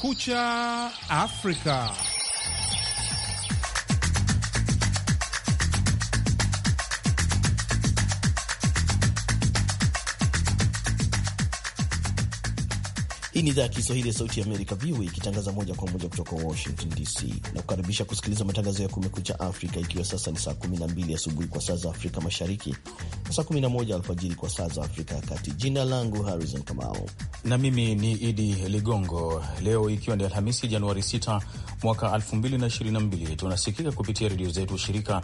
Kumekucha Afrika. Hii ni idhaa ya Kiswahili ya Sauti ya Amerika, VOA, ikitangaza moja kwa moja kutoka Washington DC na kukaribisha kusikiliza matangazo ya Kumekucha Afrika, ikiwa sasa ni saa 12 asubuhi kwa saa za Afrika Mashariki saa 11 alfajiri kwa saa za Afrika ya Kati. Jina langu Harrison Kamau na mimi ni Idi Ligongo. Leo ikiwa ni Alhamisi, Januari 6 mwaka 2022, tunasikika kupitia redio zetu shirika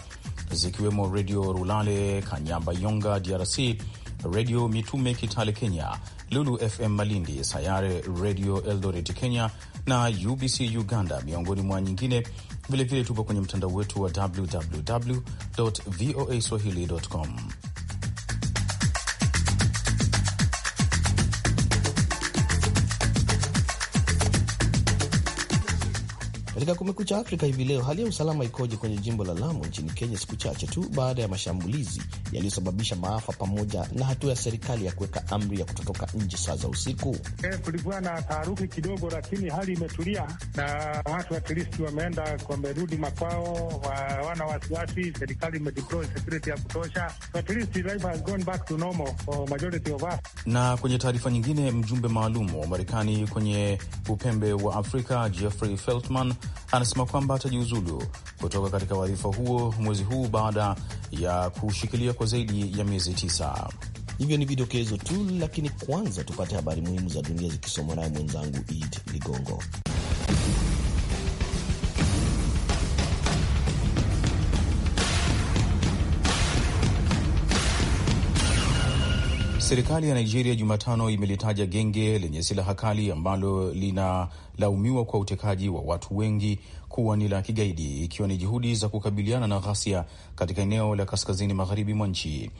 zikiwemo Redio Rulale Kanyamba Yonga DRC, Redio Mitume Kitale Kenya, Lulu FM Malindi, Sayare Redio Eldoret Kenya na UBC Uganda, miongoni mwa nyingine. Vilevile tupo kwenye mtandao wetu wa www voa swahili.com. Katika Kumekucha Afrika hivi leo, hali ya usalama ikoje kwenye jimbo la Lamu nchini Kenya, siku chache tu baada ya mashambulizi yaliyosababisha maafa pamoja na hatua ya serikali ya kuweka amri ya kutotoka nje saa za usiku? E, kulikuwa na taharuki kidogo, lakini hali imetulia na watu atlisti wameenda, wamerudi makwao, hawana wasiwasi. Serikali imedeploy security ya kutosha, life has gone back to normal for majority of us. Na kwenye taarifa nyingine, mjumbe maalum wa Marekani kwenye upembe wa Afrika Jeffrey Feltman anasema kwamba atajiuzulu kutoka katika wadhifa huo mwezi huu baada ya kushikilia kwa zaidi ya miezi tisa. Hivyo ni vidokezo tu, lakini kwanza tupate habari muhimu za dunia zikisomwa naye mwenzangu Id Ligongo. Serikali ya Nigeria Jumatano imelitaja genge lenye silaha kali ambalo linalaumiwa kwa utekaji wa watu wengi kuwa ni la kigaidi, ikiwa ni juhudi za kukabiliana na ghasia katika eneo la kaskazini magharibi mwa nchi.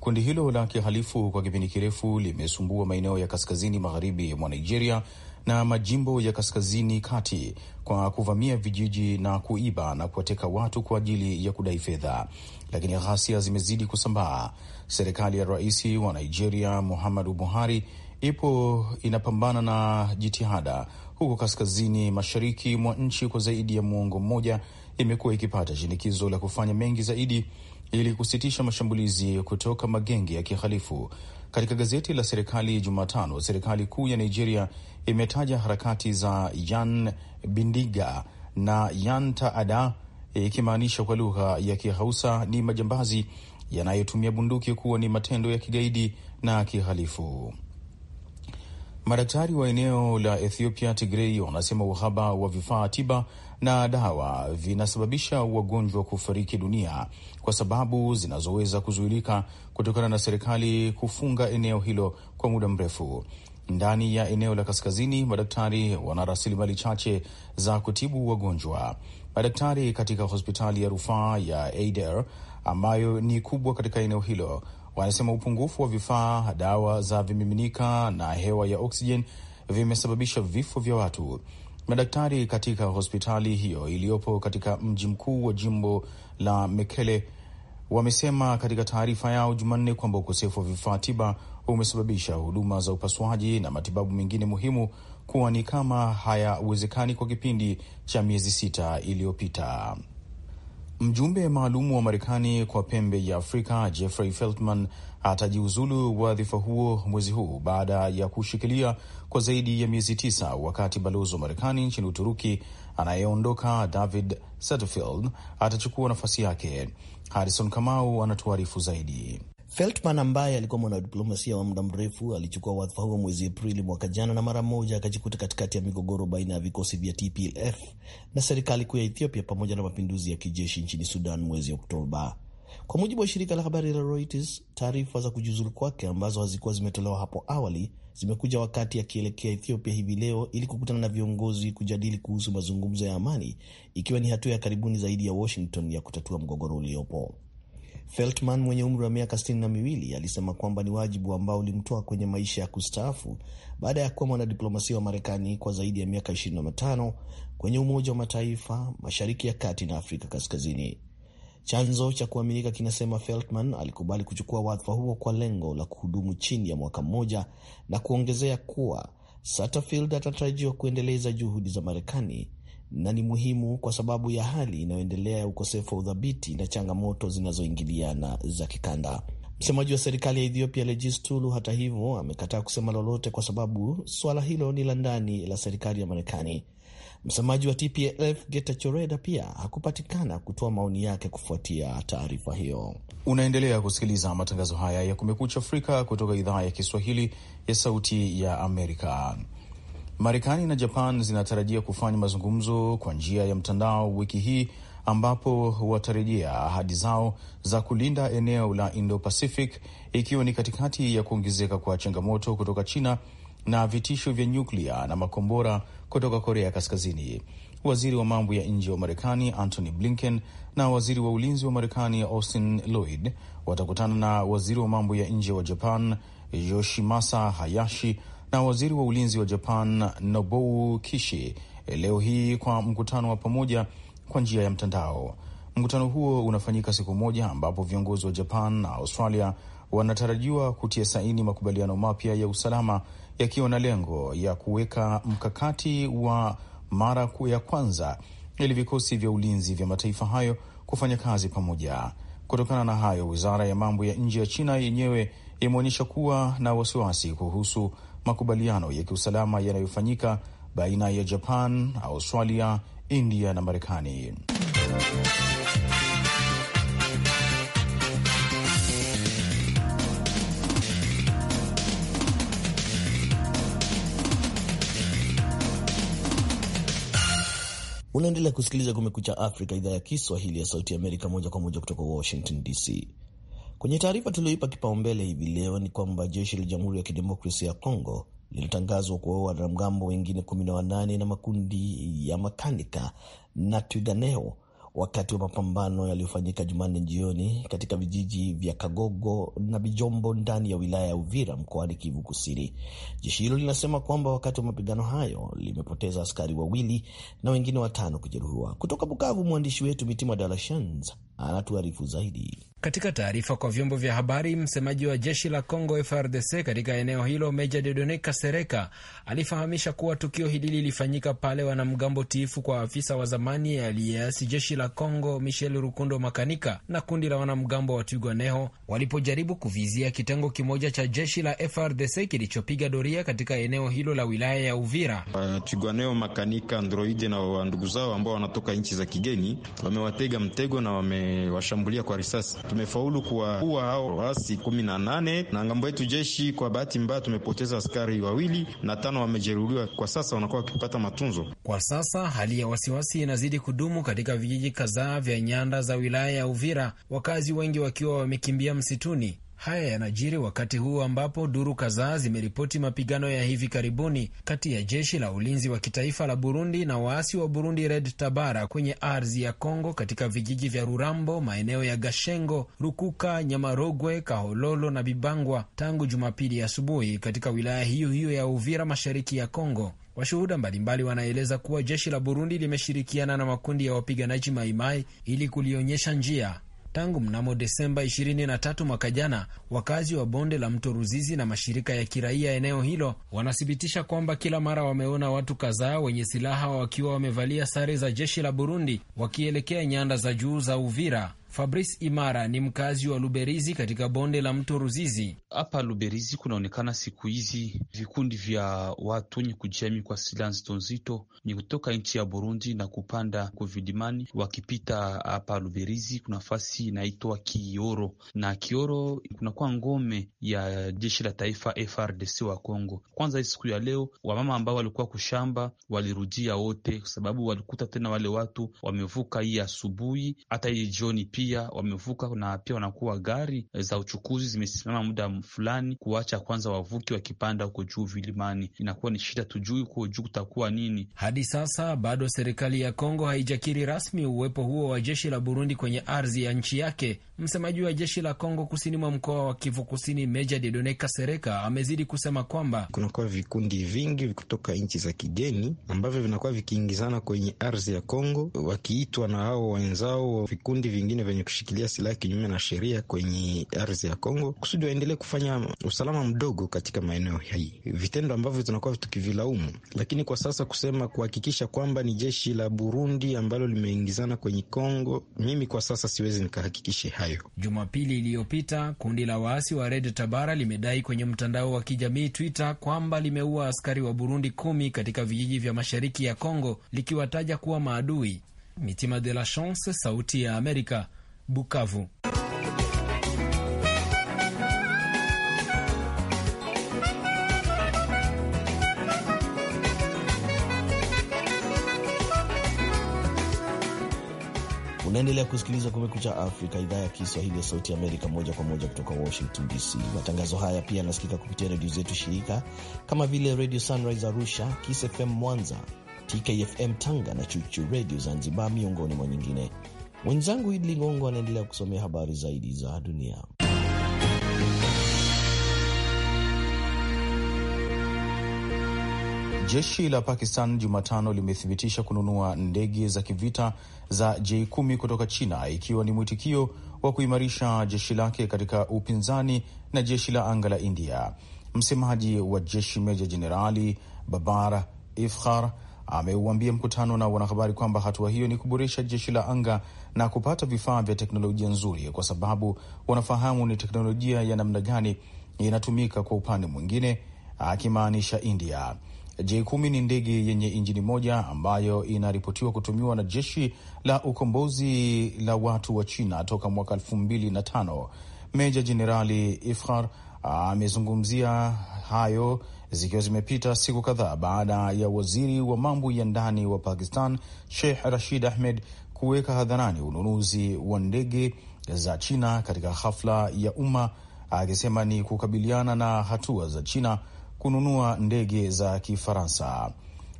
Kundi hilo la kihalifu kwa kipindi kirefu limesumbua maeneo ya kaskazini magharibi mwa Nigeria na majimbo ya kaskazini kati kwa kuvamia vijiji na kuiba na kuwateka watu kwa ajili ya kudai fedha, lakini ghasia zimezidi kusambaa. Serikali ya rais wa Nigeria Muhammadu Buhari ipo inapambana na jitihada huko kaskazini mashariki mwa nchi kwa zaidi ya muongo mmoja imekuwa ikipata shinikizo la kufanya mengi zaidi ili kusitisha mashambulizi kutoka magenge ya kihalifu katika gazeti la serikali Jumatano, serikali kuu ya Nigeria imetaja harakati za Yan Bindiga na Yan Taada, ikimaanisha kwa lugha ya Kihausa ni majambazi yanayotumia bunduki kuwa ni matendo ya kigaidi na kihalifu. Madaktari wa eneo la Ethiopia Tigrei wanasema uhaba wa vifaa tiba na dawa vinasababisha wagonjwa kufariki dunia kwa sababu zinazoweza kuzuilika kutokana na serikali kufunga eneo hilo kwa muda mrefu. Ndani ya eneo la kaskazini, madaktari wana rasilimali chache za kutibu wagonjwa. Madaktari katika hospitali ya rufaa ya adr ambayo ni kubwa katika eneo hilo wanasema upungufu wa vifaa, dawa za vimiminika na hewa ya oksijeni vimesababisha vifo vya watu. Madaktari katika hospitali hiyo iliyopo katika mji mkuu wa jimbo la Mekele wamesema katika taarifa yao Jumanne kwamba ukosefu wa vifaa tiba umesababisha huduma za upasuaji na matibabu mengine muhimu kuwa ni kama hayawezekani kwa kipindi cha miezi sita iliyopita. Mjumbe maalum wa Marekani kwa pembe ya Afrika Jeffrey Feltman atajiuzulu wadhifa huo mwezi huu baada ya kushikilia kwa zaidi ya miezi tisa, wakati balozi wa Marekani nchini Uturuki anayeondoka David Satterfield atachukua nafasi yake. Harrison Kamau anatuarifu zaidi. Feltman ambaye alikuwa mwanadiplomasia wa muda mrefu alichukua wadhifa huo mwezi Aprili mwaka jana na mara moja akajikuta katikati ya migogoro baina ya vikosi vya TPLF na serikali kuu ya Ethiopia pamoja na mapinduzi ya kijeshi nchini Sudan mwezi Oktoba. Kwa mujibu wa shirika la habari la Reuters, taarifa za kujiuzulu kwake ambazo hazikuwa zimetolewa hapo awali zimekuja wakati akielekea Ethiopia hivi leo ili kukutana na viongozi kujadili kuhusu mazungumzo ya amani, ikiwa ni hatua ya karibuni zaidi ya Washington ya kutatua mgogoro uliopo. Feltman mwenye umri wa miaka sitini na miwili alisema kwamba ni wajibu ambao ulimtoa kwenye maisha ya kustaafu baada ya kuwa mwanadiplomasia wa Marekani kwa zaidi ya miaka 25 kwenye Umoja wa Mataifa, Mashariki ya Kati na Afrika Kaskazini. Chanzo cha kuaminika kinasema Feltman alikubali kuchukua wadhifa huo kwa lengo la kuhudumu chini ya mwaka mmoja, na kuongezea kuwa Satterfield atatarajiwa kuendeleza juhudi za Marekani na ni muhimu kwa sababu ya hali inayoendelea ya ukosefu wa udhabiti na changamoto zinazoingiliana za kikanda. Msemaji wa serikali ya Ethiopia Legis Tulu, hata hivyo, amekataa kusema lolote kwa sababu swala hilo ni la ndani la serikali ya Marekani. Msemaji wa TPLF Getachew Reda pia hakupatikana kutoa maoni yake kufuatia taarifa hiyo. Unaendelea kusikiliza matangazo haya ya Kumekucha Afrika kutoka idhaa ya Kiswahili ya Sauti ya Amerika. Marekani na Japan zinatarajia kufanya mazungumzo kwa njia ya mtandao wiki hii ambapo watarejea ahadi zao za kulinda eneo la Indo-Pacific ikiwa ni katikati ya kuongezeka kwa changamoto kutoka China na vitisho vya nyuklia na makombora kutoka Korea Kaskazini. Waziri wa mambo ya nje wa Marekani Antony Blinken na waziri wa ulinzi wa Marekani Austin Lloyd watakutana na waziri wa mambo ya nje wa Japan Yoshimasa Hayashi na waziri wa ulinzi wa Japan Nobuo Kishi leo hii kwa mkutano wa pamoja kwa njia ya mtandao. Mkutano huo unafanyika siku moja ambapo viongozi wa Japan na Australia wanatarajiwa kutia saini makubaliano mapya ya usalama yakiwa na lengo ya kuweka mkakati wa mara ya kwanza ili vikosi vya ulinzi vya mataifa hayo kufanya kazi pamoja. Kutokana na hayo, wizara ya mambo ya nje ya China yenyewe imeonyesha kuwa na wasiwasi kuhusu makubaliano ya kiusalama yanayofanyika baina ya Japan, Australia, India na Marekani. Unaendelea kusikiliza Kumekucha Afrika, idhaa ya Kiswahili ya Sauti ya Amerika, moja kwa moja kutoka Washington DC. Kwenye taarifa tulioipa kipaumbele hivi leo ni kwamba jeshi la Jamhuri ya Kidemokrasia ya Kongo linatangazwa kuwaua wanamgambo wengine 18 na na makundi ya makanika na tuganeo wakati wa mapambano yaliyofanyika Jumanne jioni katika vijiji vya Kagogo na Bijombo ndani ya wilaya ya Uvira mkoani Kivu Kusini. Jeshi hilo linasema kwamba wakati wa mapigano hayo limepoteza askari wawili na wengine watano kujeruhiwa. Kutoka Bukavu, mwandishi wetu Mitima Dalashans anatuarifu zaidi. Katika taarifa kwa vyombo vya habari, msemaji wa jeshi la Congo frdc katika eneo hilo Meja Dedone Kasereka alifahamisha kuwa tukio hili lilifanyika pale wanamgambo tiifu kwa afisa wa zamani aliyeasi jeshi la Congo Michel Rukundo Makanika na kundi la wanamgambo wa Twirwaneho walipojaribu kuvizia kitengo kimoja cha jeshi la frdc kilichopiga doria katika eneo hilo la wilaya ya Uvira. Uh, Makanika, androide na wandugu zao ambao wanatoka nchi za kigeni wamewatega mtego na wamewashambulia kwa risasi tumefaulu kuwaua hao waasi kumi na nane na ngambo yetu jeshi, kwa bahati mbaya tumepoteza askari wawili na tano wamejeruhiwa. Kwa sasa wanakuwa wakipata matunzo. Kwa sasa hali ya wasiwasi inazidi kudumu katika vijiji kadhaa vya nyanda za wilaya ya Uvira, wakazi wengi wakiwa wamekimbia msituni Haya yanajiri wakati huu ambapo duru kadhaa zimeripoti mapigano ya hivi karibuni kati ya jeshi la ulinzi wa kitaifa la Burundi na waasi wa Burundi Red Tabara kwenye ardhi ya Kongo katika vijiji vya Rurambo, maeneo ya Gashengo, Rukuka, Nyamarogwe, Kahololo na Bibangwa tangu Jumapili asubuhi katika wilaya hiyo hiyo ya Uvira, mashariki ya Kongo. Washuhuda mbalimbali wanaeleza kuwa jeshi la Burundi limeshirikiana na makundi ya wapiganaji Maimai ili kulionyesha njia Tangu mnamo Desemba 23 mwaka jana, wakazi wa bonde la mto Ruzizi na mashirika ya kiraia eneo hilo wanathibitisha kwamba kila mara wameona watu kadhaa wenye silaha wakiwa wamevalia sare za jeshi la Burundi wakielekea nyanda za juu za Uvira Fabrice Imara ni mkazi wa Luberizi katika bonde la mto Ruzizi. Hapa Luberizi kunaonekana siku hizi vikundi vya watu wenye kujihami kwa silaha nzito nzito ni kutoka nchi ya Burundi na kupanda kovidimani wakipita hapa Luberizi. Kuna fasi inaitwa Kioro na Kioro kunakuwa ngome ya jeshi la taifa FRDC wa Congo. Kwanza hii siku ya leo, wamama ambao walikuwa kushamba walirudia wote, kwa sababu walikuta tena wale watu wamevuka hii asubuhi, hata hii jioni pia pia wamevuka na pia wanakuwa gari eh, za uchukuzi zimesimama muda fulani, kuacha kwanza wavuki wakipanda huko juu vilimani, inakuwa ni shida, tujui huko juu kutakuwa nini. Hadi sasa bado serikali ya Kongo haijakiri rasmi uwepo huo wa jeshi la Burundi kwenye ardhi ya nchi yake. Msemaji wa jeshi la Kongo kusini mwa mkoa wa Kivu Kusini, Meja Dedone Kasereka amezidi kusema kwamba kunakuwa vikundi vingi kutoka nchi za kigeni ambavyo vinakuwa vikiingizana kwenye ardhi ya Kongo, wakiitwa na hao wenzao vikundi vingine venye kushikilia silaha kinyume na sheria kwenye ardhi ya Kongo kusudi waendelee kufanya usalama mdogo katika maeneo hii, vitendo ambavyo tunakuwa tukivilaumu. Lakini kwa sasa kusema kuhakikisha kwamba ni jeshi la Burundi ambalo limeingizana kwenye Kongo, mimi kwa sasa siwezi nikahakikishe hayo. Jumapili iliyopita kundi la waasi wa Red Tabara limedai kwenye mtandao wa kijamii Twitter kwamba limeua askari wa Burundi kumi katika vijiji vya mashariki ya Kongo likiwataja kuwa maadui. Mitima de la Chance, Sauti ya Amerika, Bukavu. Unaendelea kusikiliza Kumekucha Afrika, idhaa ya Kiswahili ya Sauti Amerika, moja kwa moja kutoka Washington DC. Matangazo haya pia yanasikika kupitia redio zetu shirika kama vile Radio Sunrise Arusha, Kiss FM Mwanza, TKFM Tanga na Chuchu Redio Zanzibar, miongoni mwa nyingine. Mwenzangu Idli Ligongo anaendelea kusomea habari zaidi za dunia. Jeshi la Pakistan Jumatano limethibitisha kununua ndege za kivita za J-10 kutoka China ikiwa ni mwitikio wa kuimarisha jeshi lake katika upinzani na jeshi la anga la India. Msemaji wa jeshi Meja Jenerali Babar Ifkhar ameuambia mkutano na wanahabari kwamba hatua hiyo ni kuboresha jeshi la anga na kupata vifaa vya teknolojia nzuri, kwa sababu wanafahamu ni teknolojia ya namna gani inatumika. Kwa upande mwingine, akimaanisha India, J10 ni ndege yenye injini moja ambayo inaripotiwa kutumiwa na jeshi la ukombozi la watu wa China toka mwaka elfu mbili na tano. Meja Jenerali ifar amezungumzia hayo zikiwa zimepita siku kadhaa baada ya waziri wa mambo ya ndani wa Pakistan Sheikh Rashid Ahmed kuweka hadharani ununuzi wa ndege za China katika hafla ya umma, akisema ni kukabiliana na hatua za China kununua ndege za Kifaransa.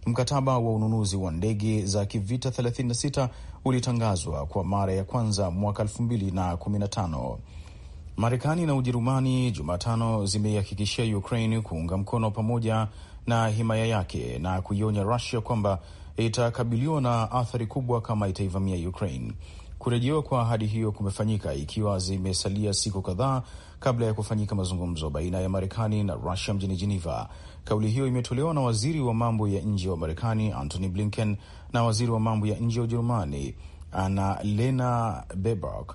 Mkataba wa ununuzi wa ndege za kivita 36 ulitangazwa kwa mara ya kwanza mwaka 2015. Marekani na Ujerumani Jumatano zimeihakikishia Ukraine kuunga mkono pamoja na himaya yake na kuionya Rusia kwamba itakabiliwa na athari kubwa kama itaivamia Ukraine. Kurejewa kwa ahadi hiyo kumefanyika ikiwa zimesalia siku kadhaa kabla ya kufanyika mazungumzo baina ya Marekani na Rusia mjini Geneva. Kauli hiyo imetolewa na waziri wa mambo ya nje wa Marekani Antony Blinken na waziri wa mambo ya nje wa Ujerumani lena bebok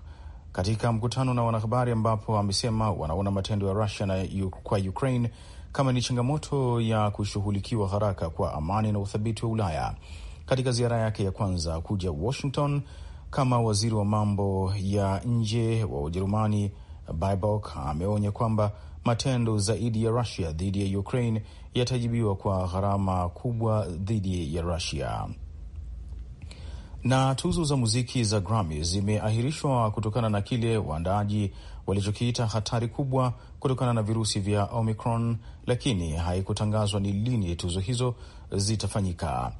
katika mkutano na wanahabari, ambapo amesema wanaona matendo ya Rusia kwa Ukraine kama ni changamoto ya kushughulikiwa haraka kwa amani na uthabiti wa Ulaya. Katika ziara yake ya kwanza kuja Washington kama waziri wa mambo ya nje wa Ujerumani, bybok ameonya kwamba matendo zaidi ya Rusia dhidi ya Ukraine yatajibiwa kwa gharama kubwa dhidi ya Rusia. Na tuzo za muziki za Grammy zimeahirishwa kutokana na kile waandaaji walichokiita hatari kubwa kutokana na virusi vya Omicron, lakini haikutangazwa ni lini tuzo hizo zitafanyika.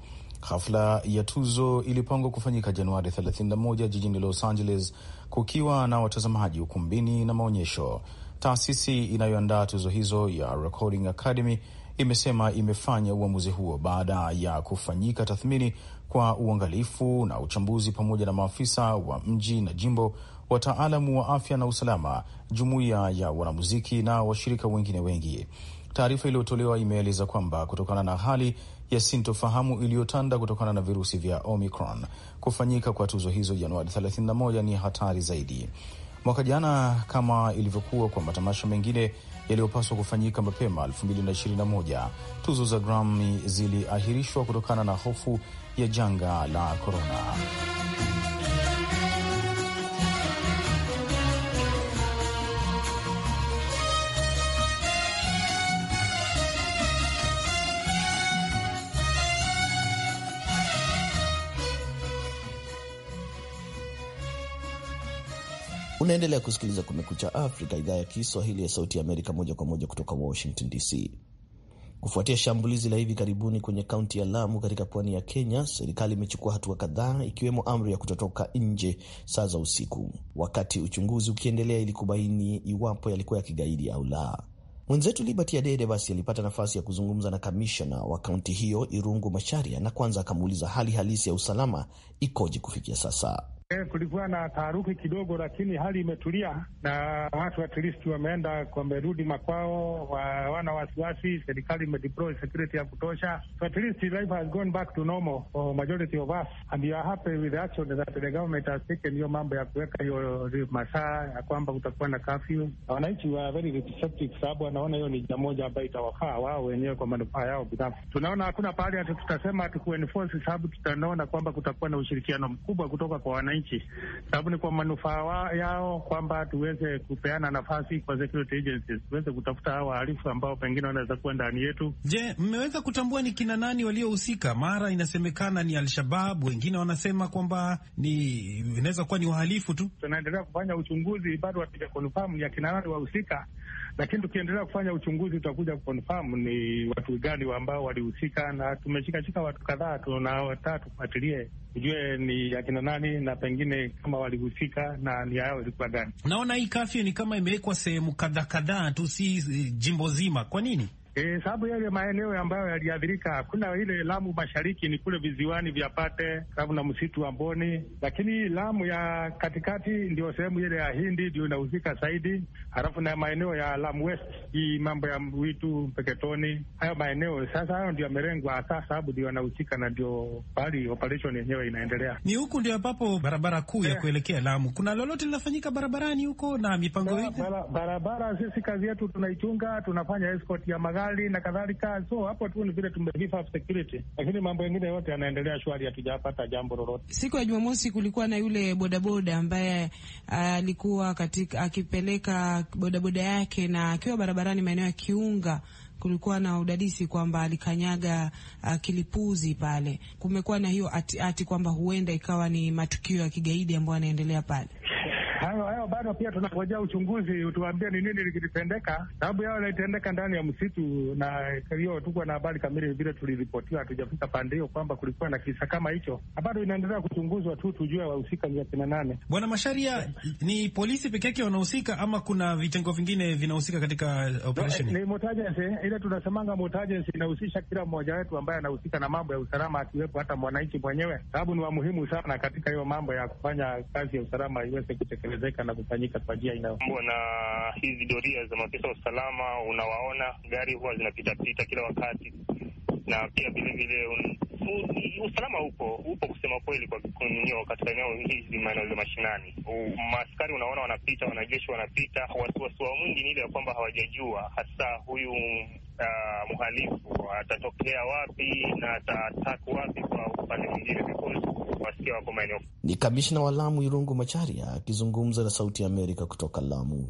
Hafla ya tuzo ilipangwa kufanyika Januari 31 jijini Los Angeles, kukiwa na watazamaji ukumbini na maonyesho. Taasisi inayoandaa tuzo hizo ya Recording Academy imesema imefanya uamuzi huo baada ya kufanyika tathmini kwa uangalifu na uchambuzi pamoja na maafisa wa mji na jimbo, wataalamu wa afya na usalama, jumuiya ya wanamuziki na washirika wengine wengi. Taarifa iliyotolewa imeeleza kwamba kutokana na hali ya sintofahamu iliyotanda kutokana na virusi vya Omicron, kufanyika kwa tuzo hizo Januari 31 ni hatari zaidi. Mwaka jana, kama ilivyokuwa kwa matamasha mengine yaliyopaswa kufanyika mapema 2021. Tuzo za Grammy ziliahirishwa kutokana na hofu ya janga la korona. Unaendelea kusikiliza Kumekucha Afrika, idhaa ya Kiswahili ya Sauti ya Amerika, moja kwa moja kutoka Washington DC. Kufuatia shambulizi la hivi karibuni kwenye kaunti ya Lamu katika pwani ya Kenya, serikali imechukua hatua kadhaa, ikiwemo amri ya kutotoka nje saa za usiku, wakati uchunguzi ukiendelea ili kubaini iwapo yalikuwa ya kigaidi au la. Mwenzetu Liberty Adede basi alipata nafasi ya kuzungumza na kamishna wa kaunti hiyo Irungu Macharia, na kwanza akamuuliza hali halisi ya usalama ikoje kufikia sasa. Eh, Kulikuwa na taharuki kidogo, lakini hali imetulia na watu at least wameenda, wamerudi makwao, hawana wasiwasi. Serikali imedeploy security ya kutosha, so at least life has gone back to normal for majority of us and we are happy with the action that the government has taken. Hiyo mambo ya kuweka hiyo masaa ya kwamba kutakuwa na kafyu, wananchi wa very receptive, sababu wanaona hiyo ni jambo moja ambayo itawafaa wao wenyewe kwa manufaa yao binafsi. Tunaona hakuna pahali hata tutasema hatukuenforce, sababu tutaona kwamba kutakuwa na ushirikiano mkubwa kutoka kwa wananchi wananchi, sababu ni kwa manufaa yao kwamba tuweze kupeana nafasi kwa security agencies, tuweze kutafuta hao wahalifu ambao pengine wanaweza kuwa ndani yetu. Je, mmeweza kutambua ni kina nani waliohusika? Mara inasemekana ni Alshabab, wengine wanasema kwamba ni inaweza kuwa ni wahalifu tu. Tunaendelea kufanya uchunguzi, bado hatuja konfamu ya kina nani wahusika lakini tukiendelea kufanya uchunguzi utakuja kuconfirm ni watu gani ambao walihusika, na tumeshikashika watu kadhaa, tunawataka tufuatilie tujue ni akina nani na pengine kama walihusika na nia yao ilikuwa gani. Naona hii kafyu ni kama imewekwa sehemu kadhaa kadhaa tu, si eh, jimbo zima. Kwa nini? E, sababu yale maeneo ambayo yaliathirika, kuna ile Lamu mashariki ni kule viziwani vya Pate, Lamu na msitu wa Mboni, lakini Lamu ya katikati ndio sehemu ile ya Hindi ndio inahusika zaidi, halafu na maeneo ya Lamu West, hii mambo ya Mwitu Mpeketoni, hayo maeneo sasa, hayo ndio yamelengwa hasa, sababu ndio yanahusika na ndio pahali operation yenyewe inaendelea. Ni huku ndio ambapo barabara kuu ya eh. kuelekea Lamu. Kuna lolote linafanyika barabarani huko na mipango hii? Barabara, barabara sisi kazi yetu tunaichunga, tunafanya escort ya magari serikali na kadhalika. So hapo tu ni vile tumevifa security, lakini mambo mengine yote yanaendelea shwari, hatujapata jambo lolote. Siku ya Jumamosi kulikuwa na yule bodaboda ambaye ah, alikuwa katika akipeleka bodaboda yake na akiwa barabarani maeneo ya Kiunga kulikuwa na udadisi kwamba alikanyaga uh, kilipuzi pale. Kumekuwa na hiyo ati, ati kwamba huenda ikawa ni matukio ya kigaidi ambayo yanaendelea pale hayo hayo bado pia tunangojea uchunguzi utuambie ni nini likitendeka, sababu yao yalitendeka ndani ya msitu, na hiyo tuko na habari kamili vile tuliripotiwa, hatujafika pande hiyo kwamba kulikuwa na kisa kama hicho. Bado inaendelea kuchunguzwa tu tujue wahusika ni akina nane. Bwana Masharia, ni polisi peke yake wanahusika ama kuna vitengo vingine vinahusika katika operation? No, ni motajensi ile tunasemanga motajensi inahusisha kila mmoja wetu ambaye anahusika na mambo ya usalama, akiwepo hata mwananchi mwenyewe, sababu ni wa muhimu sana katika hiyo mambo ya kufanya kazi ya usalama iweze kutekelezwa kutekelezeka na kufanyika kwa njia inayo na hizi doria za maafisa wa usalama, unawaona gari huwa zinapitapita kila wakati, na pia vilevile un... usalama upo upo kusema kweli, kwa kunio katika eneo hizi maeneo za mashinani, maaskari unaona wanapita, wanajeshi wanapita. Wasiwasi wa mwingi ni ile ya kwamba hawajajua hasa huyu Uh, ah, mhalifu atatokea wapi na atataku wapi kwa upande mwingine, because kuwasikia wako maeneo. Ni kamishna wa Lamu Irungu Macharia akizungumza na Sauti ya Amerika kutoka Lamu,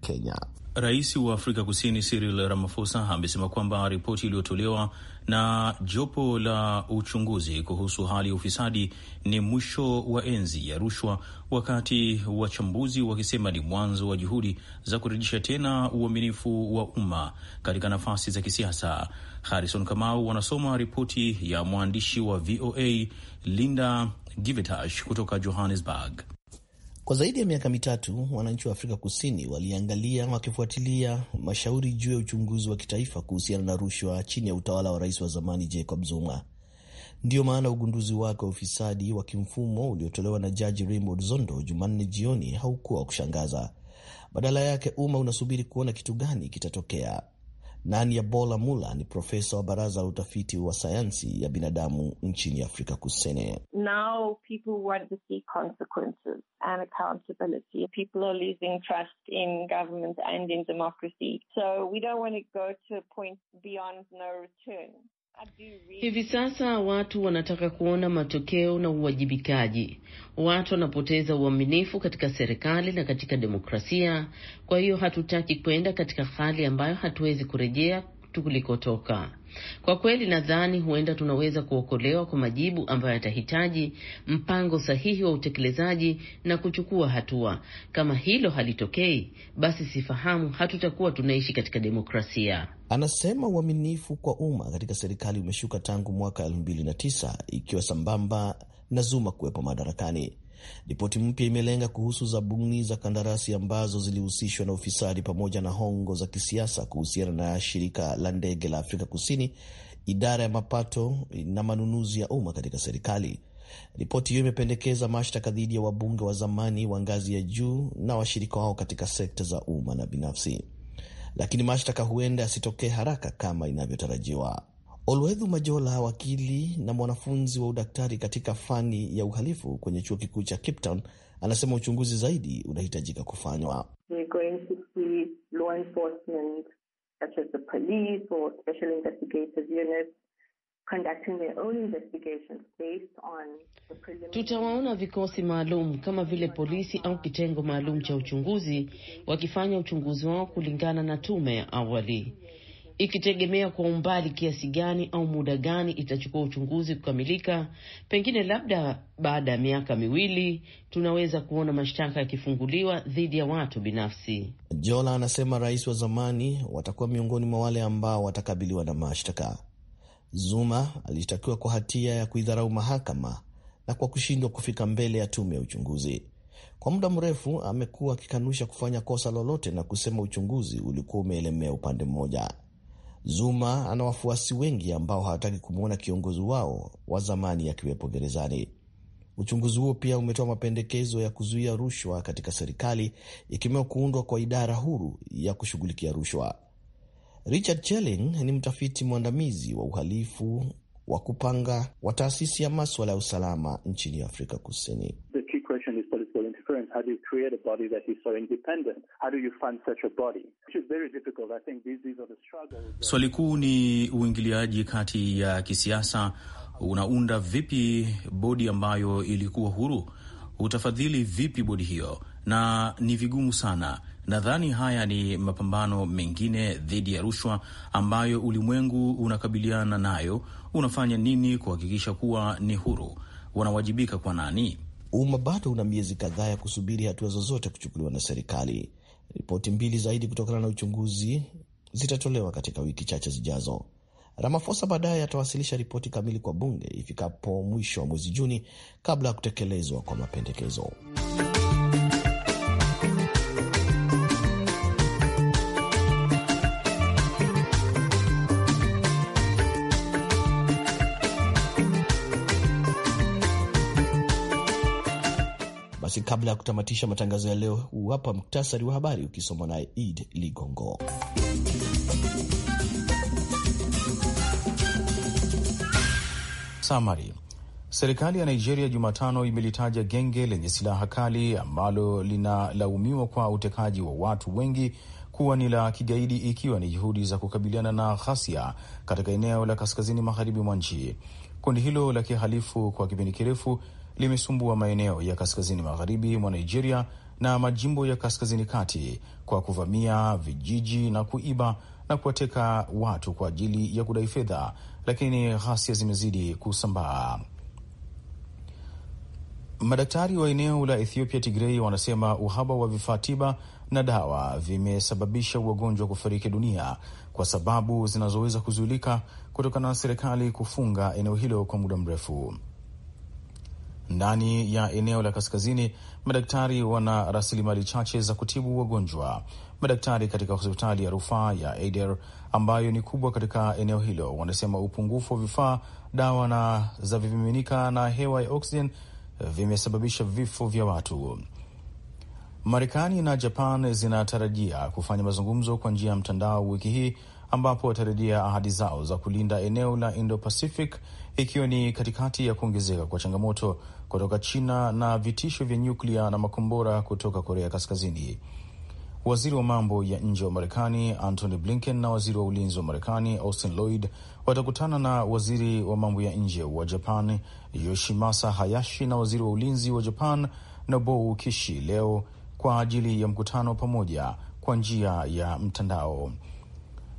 Kenya. Rais wa Afrika Kusini Cyril Ramaphosa amesema kwamba ripoti iliyotolewa na jopo la uchunguzi kuhusu hali ya ufisadi ni mwisho wa enzi ya rushwa, wakati wachambuzi wakisema ni mwanzo wa juhudi za kurejesha tena uaminifu wa umma katika nafasi za kisiasa. Harrison Kamau wanasoma ripoti ya mwandishi wa VOA Linda Givitash kutoka Johannesburg. Kwa zaidi ya miaka mitatu wananchi wa Afrika Kusini waliangalia wakifuatilia mashauri juu ya uchunguzi wa kitaifa kuhusiana na rushwa chini ya utawala wa rais wa zamani Jacob Zuma. Ndiyo maana ugunduzi wake wa ufisadi wa kimfumo uliotolewa na Jaji Raymond Zondo Jumanne jioni haukuwa wa kushangaza. Badala yake umma unasubiri kuona kitu gani kitatokea Nania Bola Mula ni profesa wa baraza la utafiti wa sayansi ya binadamu nchini Afrika Kusini. Now people want to see consequences and accountability. People are losing trust in government and in democracy. So we don't want to go to a point beyond no return. Hivi sasa watu wanataka kuona matokeo na uwajibikaji. Watu wanapoteza uaminifu katika serikali na katika demokrasia. Kwa hiyo hatutaki kwenda katika hali ambayo hatuwezi kurejea tulikotoka. Kwa kweli nadhani huenda tunaweza kuokolewa kwa majibu ambayo yatahitaji mpango sahihi wa utekelezaji na kuchukua hatua. Kama hilo halitokei, basi sifahamu hatutakuwa tunaishi katika demokrasia. Anasema uaminifu kwa umma katika serikali umeshuka tangu mwaka 2009 ikiwa sambamba na Zuma kuwepo madarakani. Ripoti mpya imelenga kuhusu zabuni za kandarasi ambazo zilihusishwa na ufisadi pamoja na hongo za kisiasa kuhusiana na shirika la ndege la Afrika Kusini, idara ya mapato na manunuzi ya umma katika serikali. Ripoti hiyo imependekeza mashtaka dhidi ya wabunge wa zamani wa ngazi ya juu na washirika wao katika sekta za umma na binafsi, lakini mashtaka huenda yasitokee haraka kama inavyotarajiwa olwedhu Majola, wakili na mwanafunzi wa udaktari katika fani ya uhalifu kwenye chuo kikuu cha Cape Town, anasema uchunguzi zaidi unahitajika kufanywa. Tutawaona vikosi maalum kama vile polisi au kitengo maalum cha uchunguzi wakifanya uchunguzi wao kulingana na tume ya awali ikitegemea kwa umbali kiasi gani au muda gani itachukua uchunguzi kukamilika. Pengine labda baada ya miaka miwili tunaweza kuona mashtaka yakifunguliwa dhidi ya watu binafsi. Jola anasema rais wa zamani watakuwa miongoni mwa wale ambao watakabiliwa na mashtaka. Zuma alishtakiwa kwa hatia ya kuidharau mahakama na kwa kushindwa kufika mbele ya tume ya uchunguzi. Kwa muda mrefu amekuwa akikanusha kufanya kosa lolote na kusema uchunguzi ulikuwa umeelemea upande mmoja. Zuma ana wafuasi wengi ambao hawataki kumwona kiongozi wao wa zamani akiwepo gerezani. Uchunguzi huo pia umetoa mapendekezo ya kuzuia rushwa katika serikali, ikiwemo kuundwa kwa idara huru ya kushughulikia rushwa. Richard Chelling ni mtafiti mwandamizi wa uhalifu wa kupanga wa taasisi ya maswala ya usalama nchini Afrika Kusini. How do you create a body that is so independent? How do you fund such a body? Which is very difficult. I think these, these are the struggles. Swali kuu ni uingiliaji kati ya kisiasa. Unaunda vipi bodi ambayo ilikuwa huru? Utafadhili vipi bodi hiyo? Na ni vigumu sana. Nadhani haya ni mapambano mengine dhidi ya rushwa ambayo ulimwengu unakabiliana nayo. Unafanya nini kuhakikisha kuwa ni huru? Wanawajibika kwa nani? umma bado una miezi kadhaa ya kusubiri hatua zozote kuchukuliwa na serikali. Ripoti mbili zaidi kutokana na uchunguzi zitatolewa katika wiki chache zijazo. ramafosa baadaye atawasilisha ripoti kamili kwa bunge ifikapo mwisho wa mwezi Juni kabla ya kutekelezwa kwa mapendekezo. Basi kabla ya kutamatisha matangazo ya leo, huwapa muktasari wa habari ukisomwa naye Id Ligongo. Samari. Serikali ya Nigeria Jumatano imelitaja genge lenye silaha kali ambalo linalaumiwa kwa utekaji wa watu wengi kuwa ni la kigaidi ikiwa ni juhudi za kukabiliana na ghasia katika eneo la kaskazini magharibi mwa nchi. Kundi hilo la kihalifu kwa kipindi kirefu limesumbua maeneo ya kaskazini magharibi mwa Nigeria na majimbo ya kaskazini kati kwa kuvamia vijiji na kuiba na kuwateka watu kwa ajili ya kudai fedha, lakini ghasia zimezidi kusambaa. Madaktari wa eneo la Ethiopia Tigrei wanasema uhaba wa vifaa tiba na dawa vimesababisha wagonjwa kufariki dunia kwa sababu zinazoweza kuzuilika kutokana na serikali kufunga eneo hilo kwa muda mrefu. Ndani ya eneo la kaskazini, madaktari wana rasilimali chache za kutibu wagonjwa. Madaktari katika hospitali ya rufaa ya eder ambayo ni kubwa katika eneo hilo wanasema upungufu wa vifaa, dawa na za vimiminika na hewa ya oksijeni vimesababisha vifo vya watu. Marekani na Japan zinatarajia kufanya mazungumzo kwa njia ya mtandao wiki hii ambapo watarejea ahadi zao za kulinda eneo la Indo-Pacific ikiwa ni katikati ya kuongezeka kwa changamoto kutoka China na vitisho vya nyuklia na makombora kutoka Korea Kaskazini. Waziri wa mambo ya nje wa Marekani Antony Blinken na waziri wa ulinzi wa Marekani Austin Lloyd watakutana na waziri wa mambo ya nje wa Japan Yoshimasa Hayashi na waziri wa ulinzi wa Japan Nobuo Kishi leo kwa ajili ya mkutano pamoja kwa njia ya mtandao.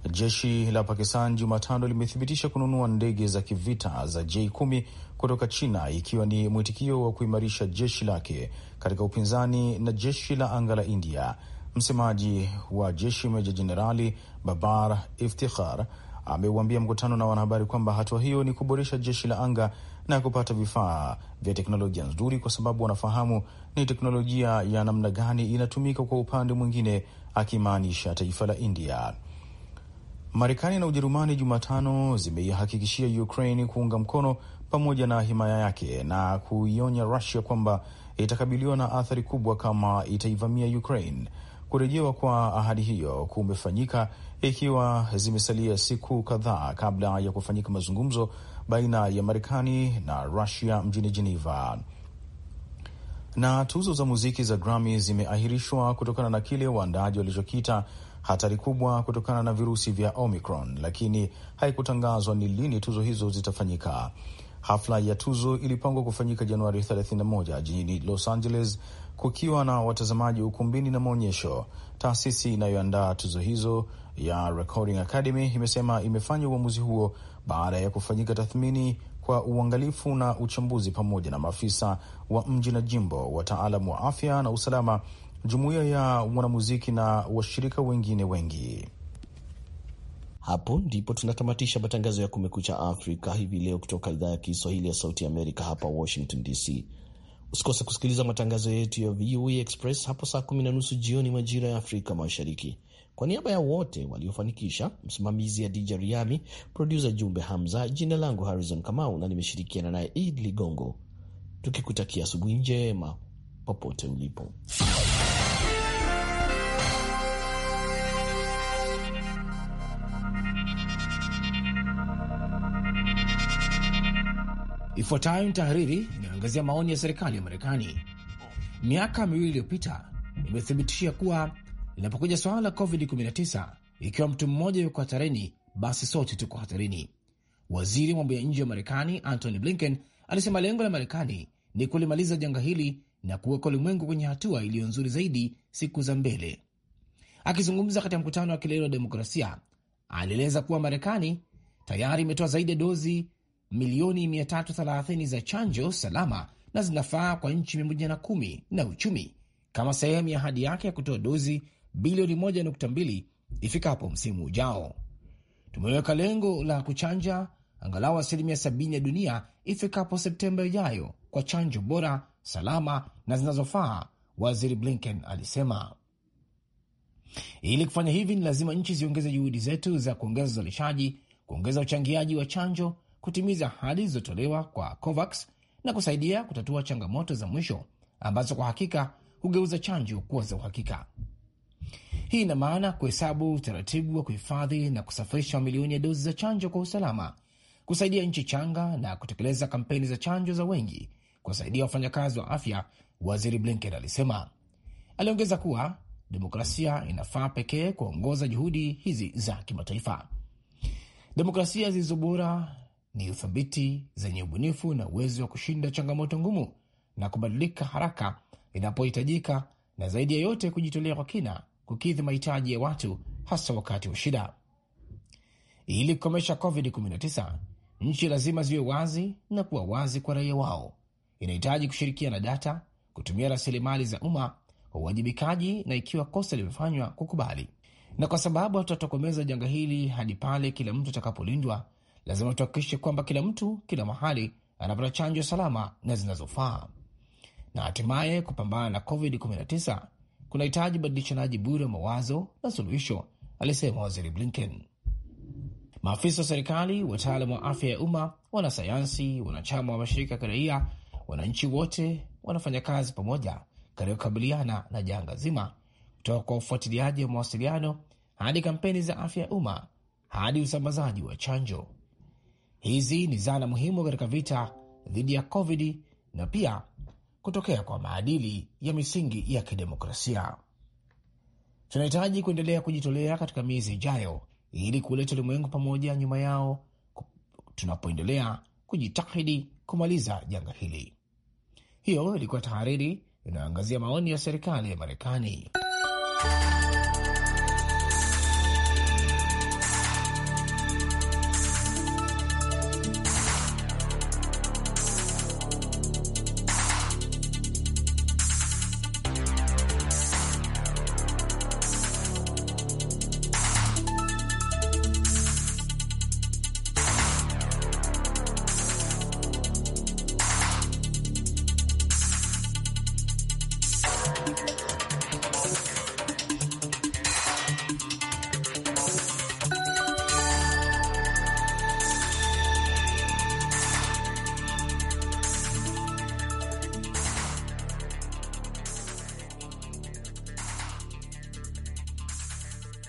Jeshi la Pakistan Jumatano limethibitisha kununua ndege za kivita za J-10 kutoka China ikiwa ni mwitikio wa kuimarisha jeshi lake katika upinzani na jeshi la anga la India. Msemaji wa jeshi Meja Jenerali Babar Iftikhar ameuambia mkutano na wanahabari kwamba hatua hiyo ni kuboresha jeshi la anga na kupata vifaa vya teknolojia nzuri, kwa sababu wanafahamu ni teknolojia ya namna gani inatumika kwa upande mwingine, akimaanisha taifa la India. Marekani na Ujerumani Jumatano zimeihakikishia Ukraine kuunga mkono pamoja na himaya yake na kuionya Rusia kwamba itakabiliwa na athari kubwa kama itaivamia Ukraine. Kurejewa kwa ahadi hiyo kumefanyika ikiwa zimesalia siku kadhaa kabla ya kufanyika mazungumzo baina ya Marekani na Rusia mjini Geneva. Na tuzo za muziki za Grammy zimeahirishwa kutokana na kile waandaaji walichokita hatari kubwa kutokana na virusi vya Omicron, lakini haikutangazwa ni lini tuzo hizo zitafanyika. Hafla ya tuzo ilipangwa kufanyika Januari 31 jijini Los Angeles, kukiwa na watazamaji ukumbini na maonyesho. Taasisi inayoandaa tuzo hizo ya Recording Academy imesema imefanya uamuzi huo baada ya kufanyika tathmini kwa uangalifu na uchambuzi pamoja na maafisa wa mji na jimbo, wataalamu wa afya na usalama jumuiya ya wanamuziki na washirika wengine wengi. Hapo ndipo tunatamatisha matangazo ya Kumekucha Afrika hivi leo kutoka idhaa ya Kiswahili ya Sauti Amerika hapa Washington DC. Usikose kusikiliza matangazo yetu ya VOA e Express hapo saa kumi na nusu jioni majira ya Afrika Mashariki. Kwa niaba ya wote waliofanikisha, msimamizi ya DJ Riami, produsa Jumbe Hamza, jina langu Harrison Kamau na nimeshirikiana naye Id Ligongo, tukikutakia asubuhi njema popote ulipo. Ifuatayo ni tahariri inayoangazia maoni ya serikali ya Marekani. Miaka miwili iliyopita imethibitishia kuwa linapokuja swala la COVID-19, ikiwa mtu mmoja yuko hatarini, basi sote tuko hatarini. Waziri wa mambo ya nje wa Marekani Antony Blinken alisema lengo la Marekani ni kulimaliza janga hili na kuweka ulimwengu kwenye hatua iliyo nzuri zaidi siku za mbele. Akizungumza katika mkutano wa kilele wa demokrasia, alieleza kuwa Marekani tayari imetoa zaidi ya dozi milioni 330 za chanjo salama na zinafaa kwa nchi 110 na uchumi kama sehemu ya ahadi yake ya kutoa dozi bilioni 1.2 ifikapo msimu ujao. Tumeweka lengo la kuchanja angalau asilimia 70 ya dunia ifikapo Septemba ijayo kwa chanjo bora, salama na zinazofaa, Waziri Blinken alisema. Ili kufanya hivi, ni lazima nchi ziongeze juhudi zetu za kuongeza uzalishaji, kuongeza uchangiaji wa chanjo kutimiza ahadi zilizotolewa kwa COVAX na kusaidia kutatua changamoto za mwisho ambazo kwa hakika hugeuza chanjo kuwa za uhakika. Hii ina maana kuhesabu utaratibu wa kuhifadhi na kusafirisha mamilioni ya dozi za chanjo kwa usalama, kusaidia nchi changa na kutekeleza kampeni za chanjo za wengi, kuwasaidia wafanyakazi wa afya, Waziri Blinken alisema. Aliongeza kuwa demokrasia inafaa pekee kuongoza juhudi hizi za kimataifa. Demokrasia zilizo bora ni uthabiti, zenye ubunifu na uwezo wa kushinda changamoto ngumu na kubadilika haraka inapohitajika, na zaidi ya yote kujitolea kwa kina kukidhi mahitaji ya watu, hasa wakati wa shida. Ili kukomesha COVID-19, nchi lazima ziwe wazi na kuwa wazi kwa raia wao. Inahitaji kushirikiana data, kutumia rasilimali za umma kwa uwajibikaji, na ikiwa kosa limefanywa kukubali. Na kwa sababu hatutatokomeza janga hili hadi pale kila mtu atakapolindwa, lazima tuhakikishe kwamba kila mtu kila mahali anapata chanjo salama na zinazofaa. Na hatimaye kupambana na COVID-19 kunahitaji badilishanaji bure mawazo na suluhisho, alisema Waziri Blinken. Maafisa wa serikali, wataalam wa afya ya umma, wanasayansi, wanachama wa mashirika ya kiraia, wananchi wote wanafanya kazi pamoja katika kukabiliana na janga zima, kutoka kwa ufuatiliaji wa mawasiliano hadi kampeni za afya ya umma hadi usambazaji wa chanjo. Hizi ni zana muhimu katika vita dhidi ya COVID na pia kutokea kwa maadili ya misingi ya kidemokrasia. Tunahitaji kuendelea kujitolea katika miezi ijayo ili kuleta ulimwengu pamoja nyuma yao tunapoendelea kujitahidi kumaliza janga hili. Hiyo ilikuwa tahariri inayoangazia maoni ya serikali ya Marekani.